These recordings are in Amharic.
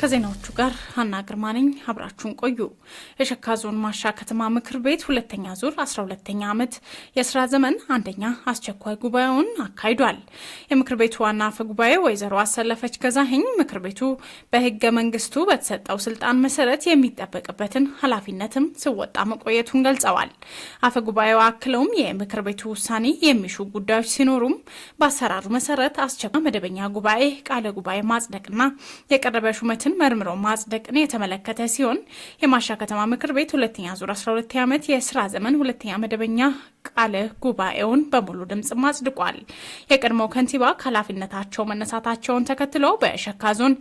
ከዜናዎቹ ጋር ሀና ግርማ ነኝ። አብራችሁን ቆዩ። የሸካ ዞን ማሻ ከተማ ምክር ቤት ሁለተኛ ዙር 12ተኛ ዓመት የስራ ዘመን አንደኛ አስቸኳይ ጉባኤውን አካሂዷል። የምክር ቤቱ ዋና አፈ ጉባኤ ወይዘሮ አሰለፈች ገዛህኝ ምክር ቤቱ በህገ መንግስቱ በተሰጠው ስልጣን መሰረት የሚጠበቅበትን ኃላፊነትም ስወጣ መቆየቱን ገልጸዋል። አፈ ጉባኤው አክለውም የምክር ቤቱ ውሳኔ የሚሹ ጉዳዮች ሲኖሩም በአሰራሩ መሰረት አስቸኳይ መደበኛ ጉባኤ ቃለ ጉባኤ ማጽደቅና የቀረበ ሹመትን መርምሮ ማጽደቅን የተመለከተ ሲሆን የማሻ ከተማ ምክር ቤት ሁለተኛ ዙር 12 ዓመት የስራ ዘመን ሁለተኛ መደበኛ አለ ጉባኤውን በሙሉ ድምፅም አጽድቋል። የቀድሞው ከንቲባ ከኃላፊነታቸው መነሳታቸውን ተከትሎ በሸካ ዞን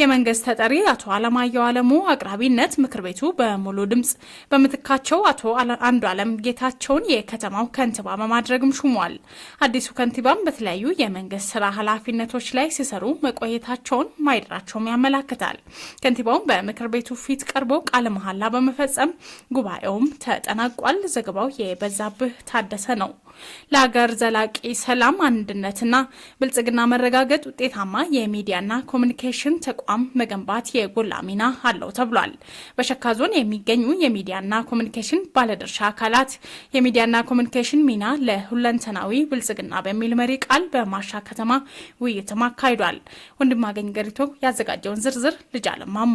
የመንግስት ተጠሪ አቶ አለማየሁ አለሙ አቅራቢነት ምክር ቤቱ በሙሉ ድምፅ በምትካቸው አቶ አንዱ አለም ጌታቸውን የከተማው ከንቲባ በማድረግም ሹሟል። አዲሱ ከንቲባም በተለያዩ የመንግስት ስራ ኃላፊነቶች ላይ ሲሰሩ መቆየታቸውን ማይደራቸውም ያመላክታል። ከንቲባውም በምክር ቤቱ ፊት ቀርቦ ቃለ መሐላ በመፈጸም ጉባኤውም ተጠናቋል። ዘገባው የበዛብህ የታደሰ ነው። ለሀገር ዘላቂ ሰላም አንድነትና ብልጽግና መረጋገጥ ውጤታማ የሚዲያና ኮሚኒኬሽን ተቋም መገንባት የጎላ ሚና አለው ተብሏል። በሸካ ዞን የሚገኙ የሚዲያና ኮሚኒኬሽን ባለድርሻ አካላት የሚዲያና ኮሚኒኬሽን ሚና ለሁለንተናዊ ብልጽግና በሚል መሪ ቃል በማሻ ከተማ ውይይትም አካሂዷል። ወንድማገኝ ገሪቶ ያዘጋጀውን ዝርዝር ልጅ አለማሙ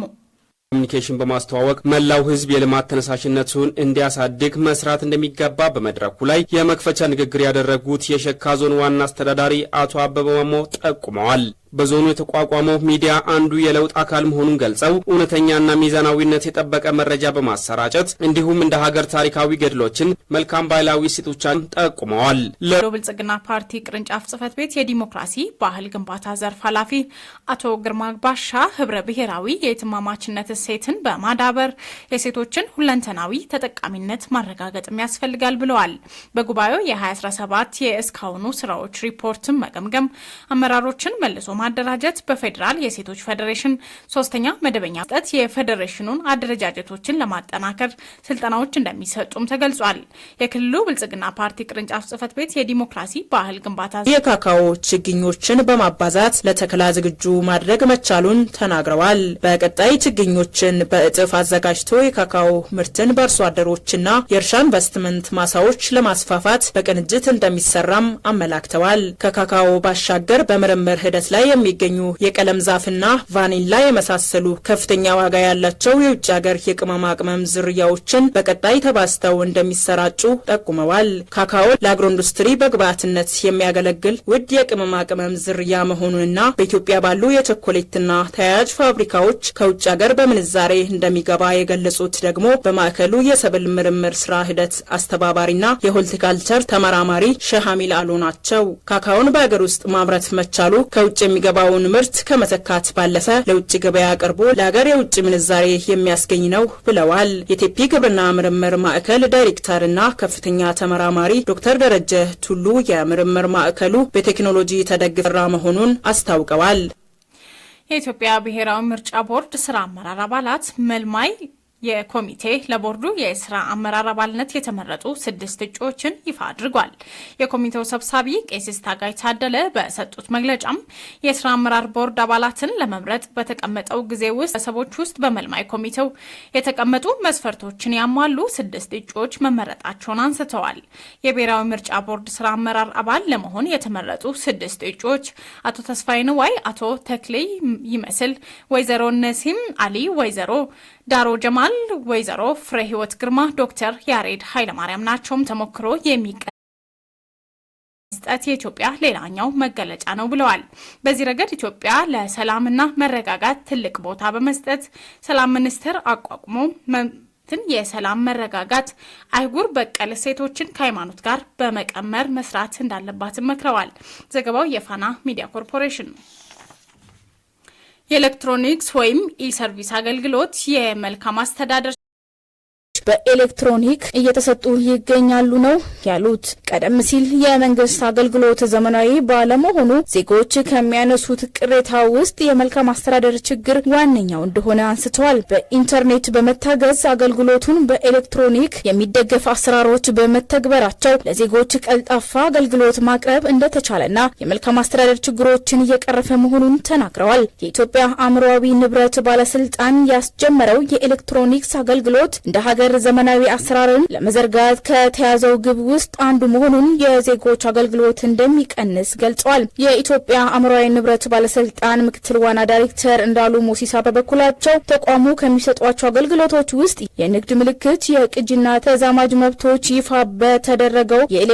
ኮሚኒኬሽን በማስተዋወቅ መላው ህዝብ የልማት ተነሳሽነቱን እንዲያሳድግ መስራት እንደሚገባ በመድረኩ ላይ የመክፈቻ ንግግር ያደረጉት የሸካ ዞን ዋና አስተዳዳሪ አቶ አበበ ማሞ ጠቁመዋል። በዞኑ የተቋቋመው ሚዲያ አንዱ የለውጥ አካል መሆኑን ገልጸው እውነተኛና ሚዛናዊነት የጠበቀ መረጃ በማሰራጨት እንዲሁም እንደ ሀገር ታሪካዊ ገድሎችን፣ መልካም ባህላዊ እሴቶቻን ጠቁመዋል። ለዶ ብልጽግና ፓርቲ ቅርንጫፍ ጽህፈት ቤት የዲሞክራሲ ባህል ግንባታ ዘርፍ ኃላፊ አቶ ግርማ ባሻ ህብረ ብሔራዊ የትማማችነት እሴትን በማዳበር የሴቶችን ሁለንተናዊ ተጠቃሚነት ማረጋገጥም ያስፈልጋል ብለዋል። በጉባኤው የ2017 የእስካሁኑ ስራዎች ሪፖርትን መገምገም አመራሮችን መልሶ በማደራጀት በፌዴራል የሴቶች ፌዴሬሽን ሶስተኛ መደበኛ ስጠት የፌዴሬሽኑን አደረጃጀቶችን ለማጠናከር ስልጠናዎች እንደሚሰጡም ተገልጿል። የክልሉ ብልጽግና ፓርቲ ቅርንጫፍ ጽህፈት ቤት የዲሞክራሲ ባህል ግንባታ የካካዎ ችግኞችን በማባዛት ለተከላ ዝግጁ ማድረግ መቻሉን ተናግረዋል። በቀጣይ ችግኞችን በእጥፍ አዘጋጅቶ የካካዎ ምርትን በአርሶ አደሮችና የእርሻ ኢንቨስትመንት ማሳዎች ለማስፋፋት በቅንጅት እንደሚሰራም አመላክተዋል። ከካካዎ ባሻገር በምርምር ሂደት ላይ የሚገኙ የቀለም ዛፍና ቫኒላ የመሳሰሉ ከፍተኛ ዋጋ ያላቸው የውጭ ሀገር የቅመማ ቅመም ዝርያዎችን በቀጣይ ተባዝተው እንደሚሰራጩ ጠቁመዋል። ካካኦ ለአግሮ ኢንዱስትሪ በግብዓትነት የሚያገለግል ውድ የቅመማ ቅመም ዝርያ መሆኑንና በኢትዮጵያ ባሉ የቸኮሌትና ተያያዥ ፋብሪካዎች ከውጭ ሀገር በምንዛሬ እንደሚገባ የገለጹት ደግሞ በማዕከሉ የሰብል ምርምር ስራ ሂደት አስተባባሪና የሆልቲካልቸር ተመራማሪ ሸህ አሉ ናቸው። ካካኦን በሀገር ውስጥ ማምረት መቻሉ ከውጭ የሚገባውን ምርት ከመተካት ባለፈ ለውጭ ገበያ ቀርቦ ለሀገር የውጭ ምንዛሬ የሚያስገኝ ነው ብለዋል። የቴፒ ግብርና ምርምር ማዕከል ዳይሬክተርና ከፍተኛ ተመራማሪ ዶክተር ደረጀ ቱሉ የምርምር ማዕከሉ በቴክኖሎጂ ተደግፈራ መሆኑን አስታውቀዋል። የኢትዮጵያ ብሔራዊ ምርጫ ቦርድ ስራ አመራር አባላት መልማይ የኮሚቴ ለቦርዱ የስራ አመራር አባልነት የተመረጡ ስድስት እጩዎችን ይፋ አድርጓል። የኮሚቴው ሰብሳቢ ቄስ ታጋይ ታደለ በሰጡት መግለጫም የስራ አመራር ቦርድ አባላትን ለመምረጥ በተቀመጠው ጊዜ ውስጥ ሰቦች ውስጥ በመልማይ ኮሚቴው የተቀመጡ መስፈርቶችን ያሟሉ ስድስት እጩዎች መመረጣቸውን አንስተዋል። የብሔራዊ ምርጫ ቦርድ ስራ አመራር አባል ለመሆን የተመረጡ ስድስት እጩዎች አቶ ተስፋይ ንዋይ፣ አቶ ተክሌይ ይመስል፣ ወይዘሮ ነሲም አሊ፣ ወይዘሮ ዳሮ ጀማል፣ ወይዘሮ ፍሬ ህይወት ግርማ፣ ዶክተር ያሬድ ኃይለማርያም ናቸውም ተሞክሮ የሚቀ መስጠት የኢትዮጵያ ሌላኛው መገለጫ ነው ብለዋል። በዚህ ረገድ ኢትዮጵያ ለሰላምና መረጋጋት ትልቅ ቦታ በመስጠት ሰላም ሚኒስቴር አቋቁሞ ትን የሰላም መረጋጋት አይጉር በቀል እሴቶችን ከሃይማኖት ጋር በመቀመር መስራት እንዳለባትም መክረዋል። ዘገባው የፋና ሚዲያ ኮርፖሬሽን ነው። የኤሌክትሮኒክስ ወይም ኢሰርቪስ አገልግሎት የመልካም አስተዳደር በኤሌክትሮኒክ እየተሰጡ ይገኛሉ ነው ያሉት። ቀደም ሲል የመንግስት አገልግሎት ዘመናዊ ባለመሆኑ ዜጎች ከሚያነሱት ቅሬታ ውስጥ የመልካም አስተዳደር ችግር ዋነኛው እንደሆነ አንስተዋል። በኢንተርኔት በመታገዝ አገልግሎቱን በኤሌክትሮኒክ የሚደገፍ አሰራሮች በመተግበራቸው ለዜጎች ቀልጣፋ አገልግሎት ማቅረብ እንደተቻለና የመልካም አስተዳደር ችግሮችን እየቀረፈ መሆኑን ተናግረዋል። የኢትዮጵያ አእምሯዊ ንብረት ባለስልጣን ያስጀመረው የኤሌክትሮኒክስ አገልግሎት እንደ ሀገር ዘመናዊ አሰራርን ለመዘርጋት ከተያዘው ግብ ውስጥ አንዱ መሆኑን የዜጎች አገልግሎት እንደሚቀንስ ገልጿል። የኢትዮጵያ አእምሯዊ ንብረት ባለስልጣን ምክትል ዋና ዳይሬክተር እንዳሉ ሞሲሳ በበኩላቸው ተቋሙ ከሚሰጧቸው አገልግሎቶች ውስጥ የንግድ ምልክት፣ የቅጂና ተዛማጅ መብቶች ይፋ በተደረገው የኤሌክትሮኒክስ